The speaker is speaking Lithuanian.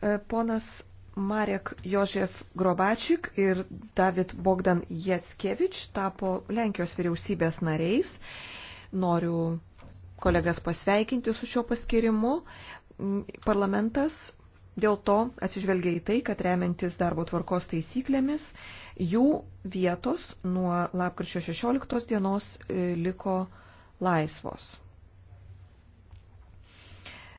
E, ponas Marek Jožef Grobačik ir David Bogdan Jetskevič tapo Lenkijos vyriausybės nariais. Noriu kolegas pasveikinti su šio paskirimu. Mm, parlamentas dėl to atsižvelgia į tai, kad remiantis darbo tvarkos taisyklėmis, jų vietos nuo lapkričio 16 dienos e, liko laisvos.